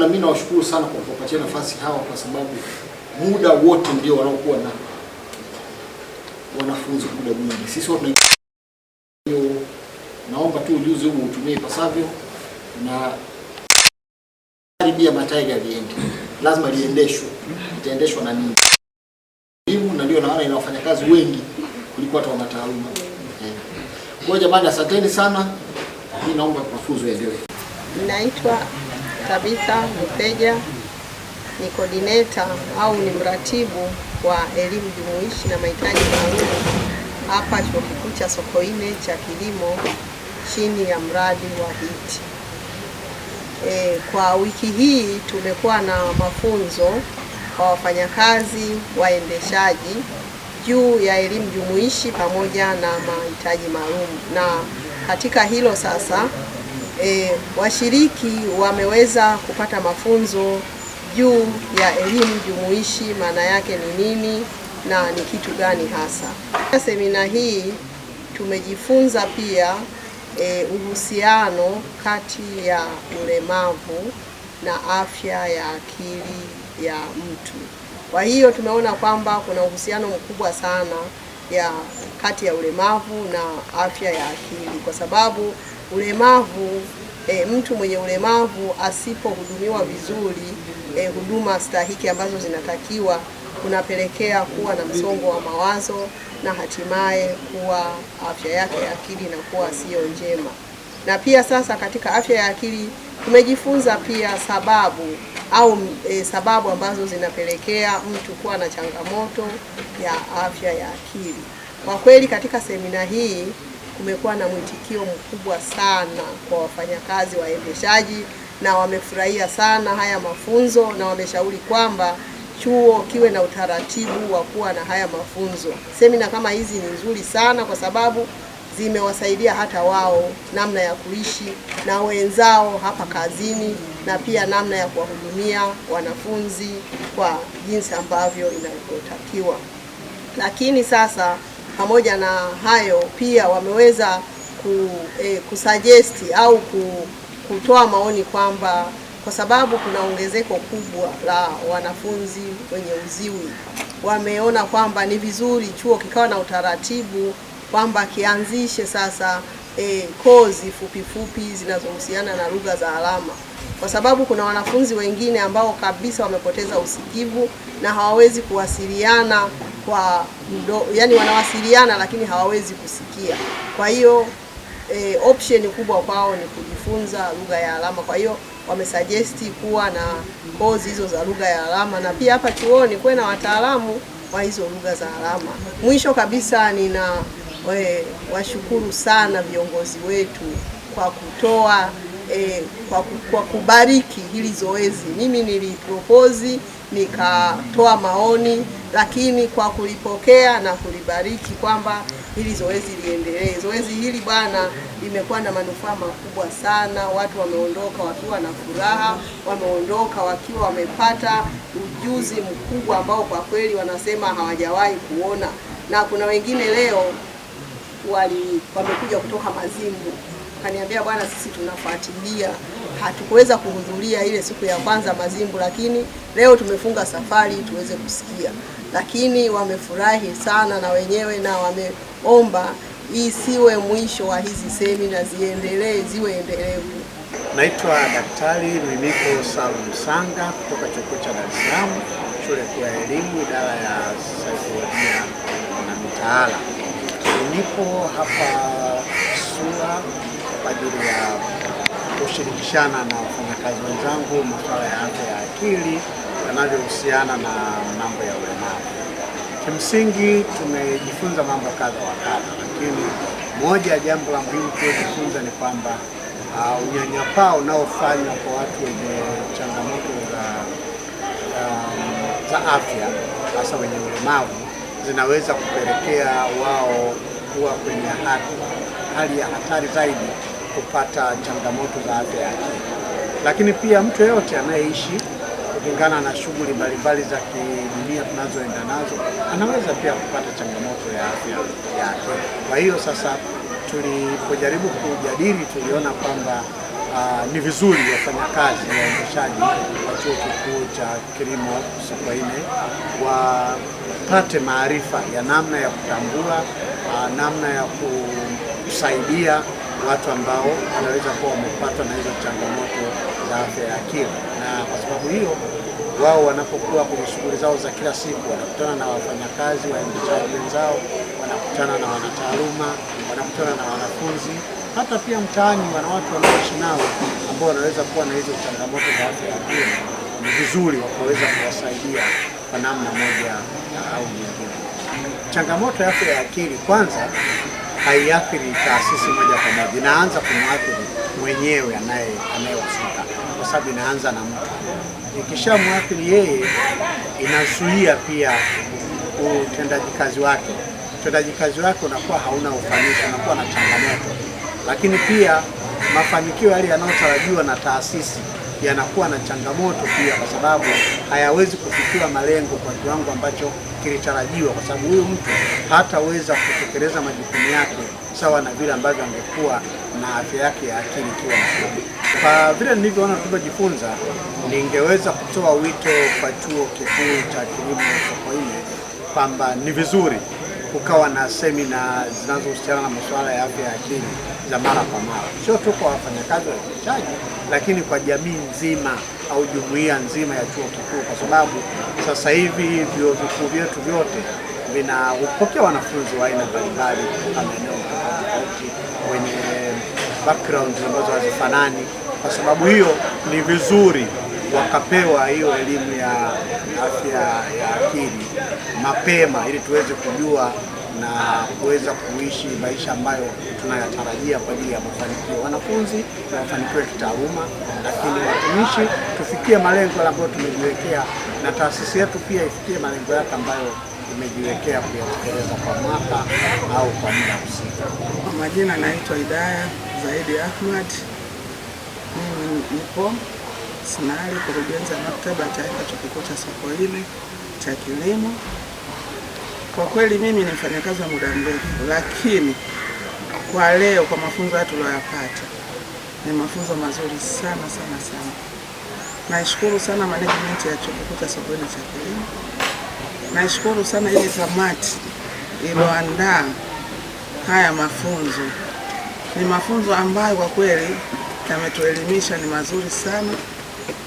na mimi nawashukuru sana kwa kuwapatia nafasi hawa, kwa sababu muda wote ndio wanaokuwa na wanafunzi muda mwingi. Sisi watu naomba tu ujuzi huu utumie ipasavyo, na karibia mataiga yaliende, lazima liendeshwe, itaendeshwa na nini elimu, na ndio naona ina wafanyakazi wengi kuliko hata wanataaluma. Eh. Kwa jamani, asanteni sana, mimi naomba mafunzo endelee. Naitwa kabisa mteja, ni coordinator au ni mratibu wa elimu jumuishi na mahitaji maalum hapa Chuo Kikuu cha Sokoine cha kilimo chini ya mradi wa HEET. E, kwa wiki hii tumekuwa na mafunzo kwa wafanyakazi waendeshaji juu ya elimu jumuishi pamoja na mahitaji maalum, na katika hilo sasa e, washiriki wameweza kupata mafunzo juu ya elimu jumuishi, maana yake ni nini na ni kitu gani hasa. Semina hii tumejifunza pia e, uhusiano kati ya ulemavu na afya ya akili ya mtu. Kwa hiyo tumeona kwamba kuna uhusiano mkubwa sana ya kati ya ulemavu na afya ya akili kwa sababu ulemavu e, mtu mwenye ulemavu asipohudumiwa vizuri e, huduma stahiki ambazo zinatakiwa kunapelekea kuwa na msongo wa mawazo na hatimaye kuwa afya yake ya akili inakuwa siyo njema. Na pia sasa katika afya ya akili tumejifunza pia sababu au e, sababu ambazo zinapelekea mtu kuwa na changamoto ya afya ya akili. Kwa kweli katika semina hii kumekuwa na mwitikio mkubwa sana kwa wafanyakazi waendeshaji, na wamefurahia sana haya mafunzo na wameshauri kwamba chuo kiwe na utaratibu wa kuwa na haya mafunzo. Semina kama hizi ni nzuri sana kwa sababu zimewasaidia hata wao namna ya kuishi na wenzao hapa kazini na pia namna ya kuwahudumia wanafunzi kwa jinsi ambavyo inavyotakiwa. Lakini sasa pamoja na hayo pia wameweza ku, eh, kusajesti au kutoa maoni kwamba kwa sababu kuna ongezeko kubwa la wanafunzi wenye uziwi, wameona kwamba ni vizuri chuo kikawa na utaratibu kwamba kianzishe sasa e, kozi fupi fupi zinazohusiana na lugha za alama, kwa sababu kuna wanafunzi wengine ambao kabisa wamepoteza usikivu na hawawezi kuwasiliana kwa mdo, yani wanawasiliana lakini hawawezi kusikia. Kwa hiyo e, option kubwa kwao ni kujifunza lugha ya alama. Kwa hiyo wamesajesti kuwa na kozi hizo za lugha ya alama, na pia hapa chuoni kuwe na wataalamu wa hizo lugha za alama. Mwisho kabisa nina we, washukuru sana viongozi wetu kwa kutoa E, kwa, kwa kubariki hili zoezi. Mimi nilipropose nikatoa maoni, lakini kwa kulipokea na kulibariki kwamba hili zoezi liendelee. Zoezi hili bwana, limekuwa na manufaa makubwa sana. Watu wameondoka wakiwa na furaha, wameondoka wakiwa wamepata ujuzi mkubwa ambao kwa kweli wanasema hawajawahi kuona, na kuna wengine leo wali wamekuja kutoka Mazimbu, kaniambia bwana, sisi tunafuatilia, hatukuweza kuhudhuria ile siku ya kwanza Mazimbu, lakini leo tumefunga safari tuweze kusikia. Lakini wamefurahi sana na wenyewe na wameomba siwe mwisho wa hizi semina, ziendelee, ziwe endelevu. Naitwa Daktari Mimiko Salum Sanga kutoka Chuo Kikuu cha Dar es Salaam, shule kuu ya elimu, idara ya saikolojia na mitaala. Nipo hapa SUA kwa ajili ya kushirikishana na wafanyakazi wenzangu masuala ya afya ya akili yanavyohusiana na mambo ya ulemavu. Kimsingi tumejifunza mambo kadha wa kadha, lakini moja ya jambo la muhimu tuliojifunza ni kwamba uh, unyanyapaa unaofanywa kwa watu wenye changamoto za, um, za afya hasa wenye ulemavu zinaweza kupelekea wao kuwa kwenye hali ya hatari zaidi kupata changamoto za afya ya akili. Lakini pia mtu yeyote anayeishi kulingana na shughuli mbalimbali za kidunia tunazoenda nazo anaweza pia kupata changamoto ya afya ya akili. Kwa hiyo sasa, tulipojaribu kujadili, tuliona kwamba Uh, ni vizuri wafanyakazi waendeshaji wa chuo kikuu cha kilimo Sokoine wa wapate maarifa ya namna ya kutambua uh, namna ya kusaidia watu ambao wanaweza kuwa wamepatwa na hizo changamoto za afya ya akili, na kwa sababu hiyo wao wanapokuwa kwenye shughuli zao za kila siku wanakutana na wafanyakazi waendeshaji wenzao, wanakutana na wanataaluma, wanakutana na wanafunzi, hata pia mtaani wana watu wanaoishi nao ambao wanaweza kuwa na hizo changamoto za afya ya akili. Ni vizuri wakaweza kuwasaidia kwa namna moja au nyingine. Changamoto yake ya akili kwanza haiathiri taasisi moja kwa moja, inaanza kumwathiri mwenyewe anayehusika, kwa sababu inaanza na mtu. mwathiri yeye, inazuia pia utendaji kazi wake. Utendaji kazi wake unakuwa hauna ufanisi, unakuwa na changamoto, lakini pia mafanikio yale yanayotarajiwa na taasisi yanakuwa na changamoto pia, kwa sababu hayawezi kufikiwa malengo kwa kiwango ambacho kilitarajiwa, kwa sababu huyu mtu hataweza kutekeleza majukumu yake sawa na vile ambavyo angekuwa na afya yake ya akili kiwa nzuri. Kwa vile nilivyoona tulivyojifunza, ningeweza kutoa wito kwa Chuo Kikuu cha Kilimo Sokoine kwamba ni vizuri kukawa na semina zinazohusiana na masuala ya afya ya akili za mara kwa mara, sio tu kwa wafanyakazi wa uendeshaji, lakini kwa jamii nzima au jumuiya nzima ya chuo kikuu, kwa sababu sasa hivi vyuo vikuu vyetu vyote vinapokea wanafunzi wa aina mbalimbali kutoka maeneo tofauti, wenye background ambazo hazifanani. Kwa sababu hiyo, ni vizuri wakapewa hiyo elimu ya afya ya akili mapema, ili tuweze kujua na kuweza kuishi maisha ambayo tunayatarajia kwa ajili ya mafanikio wanafunzi na mafanikio ya kitaaluma, lakini watumishi tufikie malengo ambayo tumejiwekea na taasisi yetu pia ifikie malengo yake ambayo imejiwekea kuyatekeleza kwa mwaka au kwa muda husika. Kwa majina naitwa Hidaya Zaidi Ahmad, mimi nipo SNARI, kurugenzi ya maktaba ya taifa chuo kikuu cha Sokoine cha kilimo. Kwa kweli mimi ni mfanyakazi wa muda mrefu, lakini kwa leo, kwa mafunzo haya tuliyoyapata, ni mafunzo mazuri sana sana sana. Naishukuru sana management ya Chuo Kikuu cha Sokoine cha Kilimo, naishukuru sana ile kamati iliyoandaa haya mafunzo. Ni mafunzo ambayo kwa kweli yametuelimisha, ni mazuri sana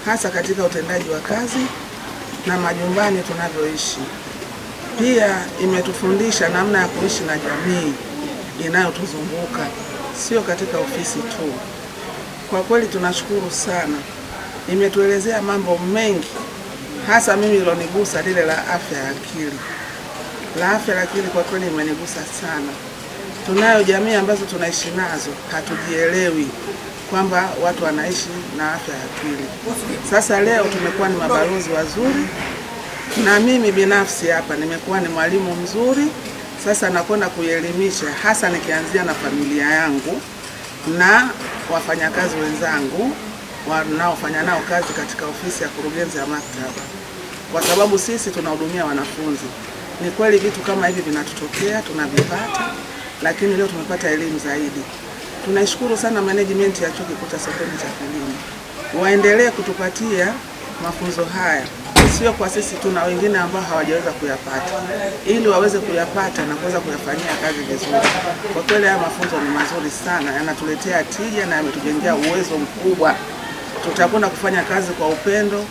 hasa katika utendaji wa kazi na majumbani tunavyoishi. Pia imetufundisha namna ya kuishi na jamii inayotuzunguka sio katika ofisi tu. Kwa kweli tunashukuru sana, imetuelezea mambo mengi, hasa mimi ilonigusa lile la afya ya akili. La afya ya akili kwa kweli imenigusa sana. Tunayo jamii ambazo tunaishi nazo hatujielewi kwamba watu wanaishi na afya ya akili. Sasa leo tumekuwa ni mabalozi wazuri na mimi binafsi hapa nimekuwa ni mwalimu mzuri, sasa nakwenda kuielimisha hasa nikianzia na familia yangu na wafanyakazi wenzangu wanaofanya nao kazi katika ofisi ya kurugenzi ya maktaba, kwa sababu sisi tunahudumia wanafunzi. Ni kweli vitu kama hivi vinatutokea, tunavipata, lakini leo tumepata elimu zaidi. Tunaishukuru sana management ya Chuo Kikuu cha Sekondari cha Kilimo, waendelee kutupatia mafunzo haya sio kwa sisi tu na wengine ambao hawajaweza kuyapata, ili waweze kuyapata na kuweza kuyafanyia kazi vizuri. Kwa kweli haya mafunzo ni mazuri sana, yanatuletea tija na yametujengea uwezo mkubwa. Tutakwenda kufanya kazi kwa upendo,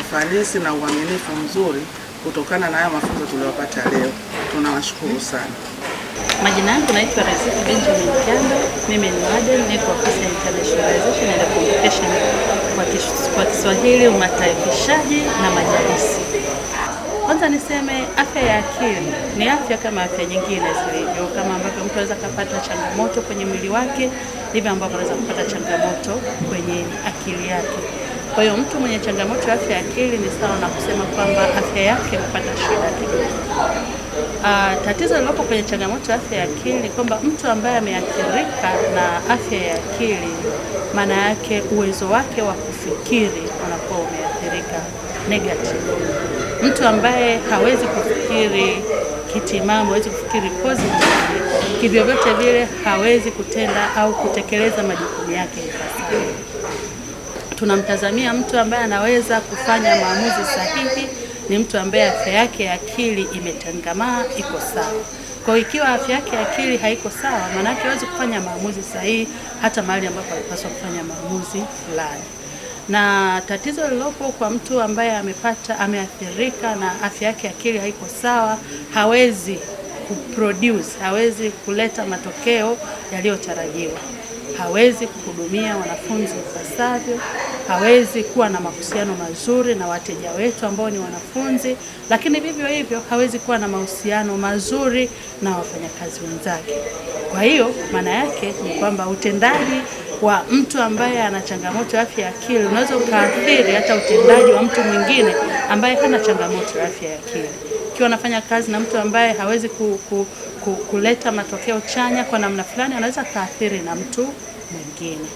ufanisi na uaminifu mzuri kutokana na haya mafunzo tuliyopata leo. Tunawashukuru sana. Majina yangu naitwa Riziki Benjamin Kyanda, mimi ni Madam, niko ofisi ya internationalization and communication kwa Kiswahili umataifishaji na majalisi. Kwanza niseme afya ya akili ni afya kama afya nyingine zilivyo. Kama ambavyo mtu anaweza kupata changamoto kwenye mwili wake, ndivyo ambavyo anaweza kupata changamoto kwenye akili yake. Kwa hiyo mtu mwenye changamoto ya afya ya akili ni sawa na kusema kwamba afya yake imepata shida kidogo. Uh, tatizo lilopo kwenye changamoto ya afya ya akili kwamba mtu ambaye ameathirika na afya ya akili, maana yake uwezo wake wa kufikiri unakuwa umeathirika negative. Mtu ambaye hawezi kufikiri kitimamu, hawezi kufikiri positive, kivyovyote vile hawezi kutenda au kutekeleza majukumu yake ipasavyo. Tunamtazamia mtu ambaye anaweza kufanya maamuzi sahihi ni mtu ambaye afya yake ya akili imetangamaa, iko sawa. Kwa ikiwa afya yake ya akili haiko sawa, maanake hawezi kufanya maamuzi sahihi hata mahali ambapo alipaswa kufanya maamuzi fulani. Na tatizo lilopo kwa mtu ambaye amepata ameathirika na afya yake ya akili haiko sawa, hawezi kuproduce, hawezi kuleta matokeo yaliyotarajiwa hawezi kuhudumia wanafunzi ipasavyo, hawezi kuwa na mahusiano mazuri na wateja wetu ambao ni wanafunzi, lakini vivyo hivyo hawezi kuwa na mahusiano mazuri na wafanyakazi wenzake. Kwa hiyo maana yake ni kwamba utendaji wa mtu ambaye ana changamoto ya afya ya akili unaweza ukaathiri hata utendaji wa mtu mwingine ambaye hana changamoto ya afya ya akili. Ikiwa anafanya kazi na mtu ambaye hawezi ku, ku kuleta matokeo chanya kwa namna fulani, anaweza akaathiri na mtu mwingine.